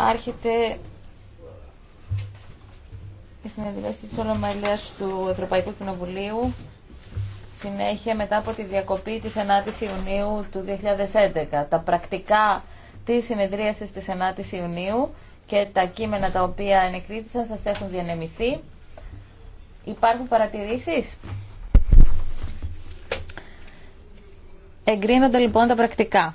Άρχεται η συνεδρίαση της Ολομαλίας του Ευρωπαϊκού Κοινοβουλίου συνέχεια μετά από τη διακοπή της 9 η Ιουνίου του 2011. Τα πρακτικά της συνεδρίασης της 9 η Ιουνίου και τα κείμενα τα οποία ενεκρίτησαν σας έχουν διανεμηθεί. Υπάρχουν παρατηρήσεις? Εγκρίνονται λοιπόν τα πρακτικά.